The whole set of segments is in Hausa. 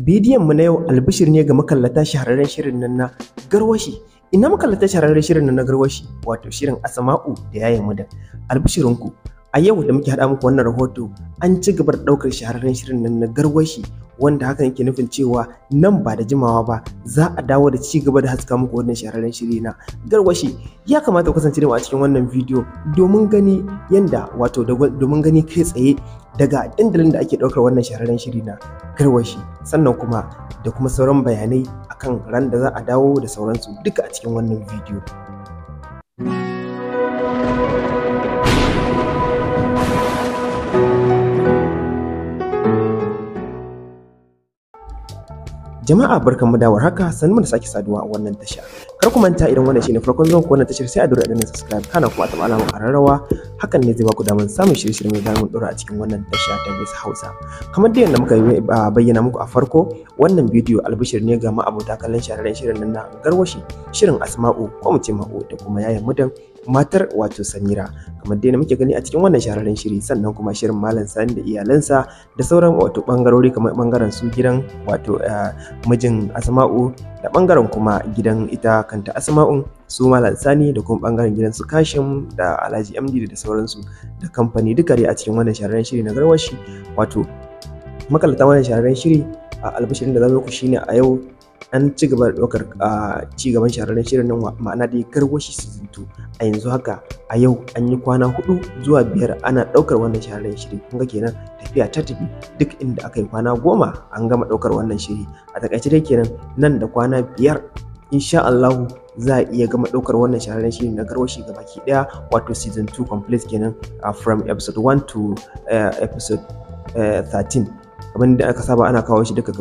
bidiyon mu na yau albishir ne ga makallata shahararren shirin nan na garwashi ina makallata shahararren shirin nan na garwashi wato shirin asama'u da yayin mudan albishirinku a yau da muke haɗa muku wannan rahoto an ci gaba da ɗaukar shahararren shirin nan na garwashi wanda hakan yake nufin cewa nan ba da jimawa ba za a dawo da ci gaba da haska muku wannan shahararren shiri na garwashi ya kamata ku kasance da mu a cikin wannan bidiyo domin gani yanda wato domin gani kai tsaye daga dandalin da ake ɗaukar wannan shahararren shiri na garwashi sannan kuma da kuma sauran bayanai akan ran da za a dawo da sauransu duka a cikin wannan bidiyo Jama'a barkanmu da haka sannu da sake saduwa a wannan tasha. Kar ku manta idan wannan shine farkon zuwan ku wannan tashar sai a dora da subscribe kana kuma ta alamar kararrawa hakan ne zai ba ku damar samun shirye-shirye mai damun dora a cikin wannan tasha ta Bisa Hausa. Kamar da yadda muka ah, bayyana muku a farko wannan bidiyo albishir ne ga ma'abota kallon shahararren shirin nan na garwashi shirin Asma'u ko mu ce Ma'u da kuma yayin mudan matar wato Samira kamar dai muke gani a cikin wannan shahararren shiri sannan kuma shirin Malam Sani da iyalansa da sauran wato bangarori kamar bangaren su gidan wato eh, mijin Asma'u da bangaren kuma gidan ita kanta Asma'un su Malam Sani da kuma bangaren gidan su Kashim da Alhaji MD da sauransu da kamfani duka dai a cikin wannan shahararren shiri na garwashi wato makalata wannan shahararren shiri a albashirin da zamu ku shine a yau an ci gaba da ɗaukar ci gaban shahararren shirin nan ma'ana dai garwashi season zintu a yanzu haka a yau an yi kwana hudu zuwa biyar ana ɗaukar wannan shahararren shiri kun ga kenan tafiya ta tafi duk inda aka yi kwana goma an gama ɗaukar wannan shiri a takaice dai kenan nan da kwana biyar insha Allahu za a iya gama ɗaukar wannan shahararren shiri na garwashi ga baki ɗaya wato season 2 complete kenan from episode 1 to eh, episode eh, thirteen, 13 abin da aka saba ana kawo shi duka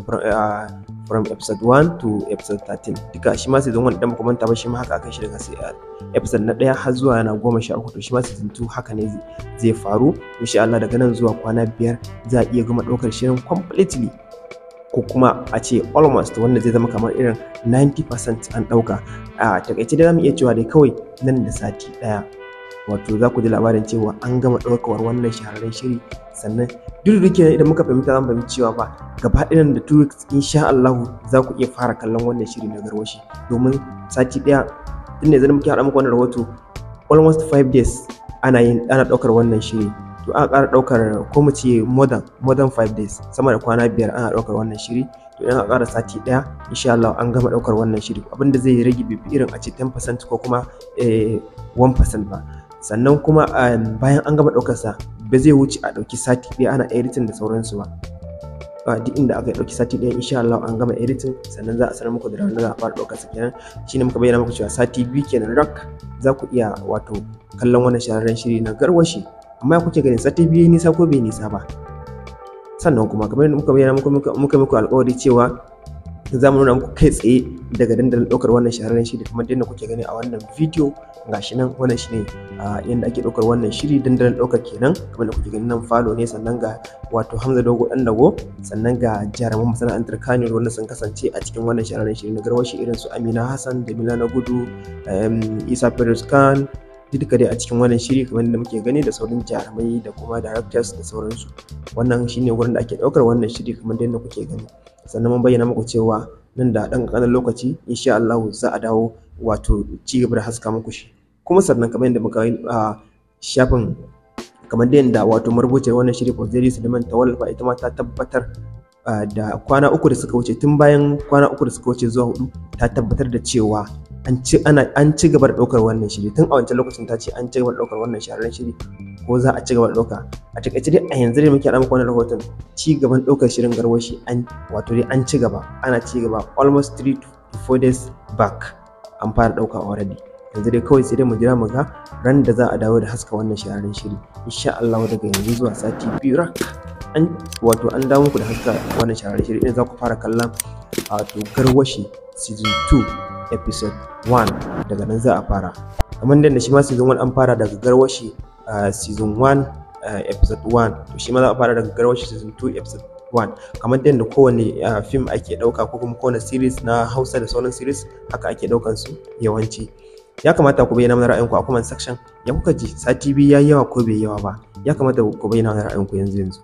from episode 1 to episode 13 duka shi ma season 1 idan ba manta ba shi ma haka akan shi daga sai uh, episode na daya har zuwa na goma sha uku to shi ma season 2 haka ne zai faru insha Allah daga nan zuwa kwana biyar za a iya gama ɗaukar shirin completely ko kuma a ce almost wanda zai zama kamar irin 90% an ɗauka a takaice da za mu iya cewa dai kawai nan da sati ɗaya wato za ku ji labarin cewa an gama ɗaukar wannan shahararren shiri sannan duk da idan muka fahimta zan fahimci cewa ba, gaba ɗayan da two weeks insha Allah za ku iya fara kallon wannan shiri na garwashi domin sati ɗaya tunda yanzu muke haɗa muku wannan rahoto almost 5 days ana yin ana ɗaukar wannan shiri to aka ƙara ɗaukar ko mu ce modern modern five days sama da kwana biyar ana ɗaukar wannan shiri to idan aka ƙara sati ɗaya insha Allah an gama ɗaukar wannan shiri abinda zai rage bibi irin a ce 10% ko kuma 1% eh, ba sannan kuma ah, bayan an gama sa ba zai wuce a ɗauki sati ɗaya ana editing da sauransu ba a duk inda aka ɗauki sati ɗaya insha Allah an gama editing sannan za a sanar muku da ranar za a fara ɗaukar sa kenan shine muka bayyana muku cewa sati biyu kenan rak za ku iya wato kallon wannan shahararren shiri na garwashi amma kuke ganin sati biyu nisa ko bai nisa ba sannan kuma kamar yadda muka bayyana muka muka muku alƙawari cewa za mu nuna muku kai tsaye daga dandalin ɗaukar wannan shahararren shiri kamar yadda kuke gani a wannan bidiyo gashi nan wannan shine yadda ake ɗaukar wannan shiri dandalin ɗaukar kenan kamar da kuke gani nan falo ne sannan ga wato Hamza Dogo ɗan dago sannan ga jaruman masana'antar Kano wanda sun kasance a cikin wannan shahararren shiri na garwashi irin su Amina Hassan da Milana Gudu Isa Firuz Khan duka dai a cikin wannan shiri kamar da muke gani da sauran jarumai da kuma directors da sauransu wannan shine wurin da ake daukar wannan shiri kamar da kuke gani sannan mun bayyana muku cewa nan da dan ƙanƙanin lokaci insha Allah za a dawo wato ci gaba da haska muku shi kuma sannan kamar yadda muka a shafin kamar da yadda wato marubuciyar wannan shiri ko Fozeri Suleiman Tawalfa ita ma ta tabbatar da kwana uku da suka wuce tun bayan kwana uku da suka wuce zuwa hudu ta tabbatar da cewa an ci gaba da ɗaukar wannan shiri tun a wancan lokacin ta ce an ci gaba da ɗaukar wannan shahararren shiri ko za a ci gaba da ɗauka a takaice dai a yanzu dai muke da muku wannan rahoton ci gaban ɗaukar shirin garwashi an wato dai an ci gaba ana ci gaba almost three to four days back an fara ɗauka already yanzu dai kawai sai dai mu jira mu ga ran da za a dawo da haska wannan shahararren shiri insha Allah daga yanzu zuwa sati biyu rak an wato an dawo muku da haska wannan shahararren shiri idan za ku fara kallon wato garwashi season 2 episode 1 daga nan za a fara kamar da shi ma season 1 an fara daga garwashi season 1 episode 1 to shi ma za a fara daga garwashi season 2 episode 1 kamar da kowane film ake dauka ko kuma kowane series na hausa da sauran series haka ake daukan su yawanci ya kamata ku bayyana mana ra'ayinku a comment section ya kuka ji sa tv yayi yawa ko bai yawa ba ya kamata ku bayyana mana ra'ayinku yanzu yanzu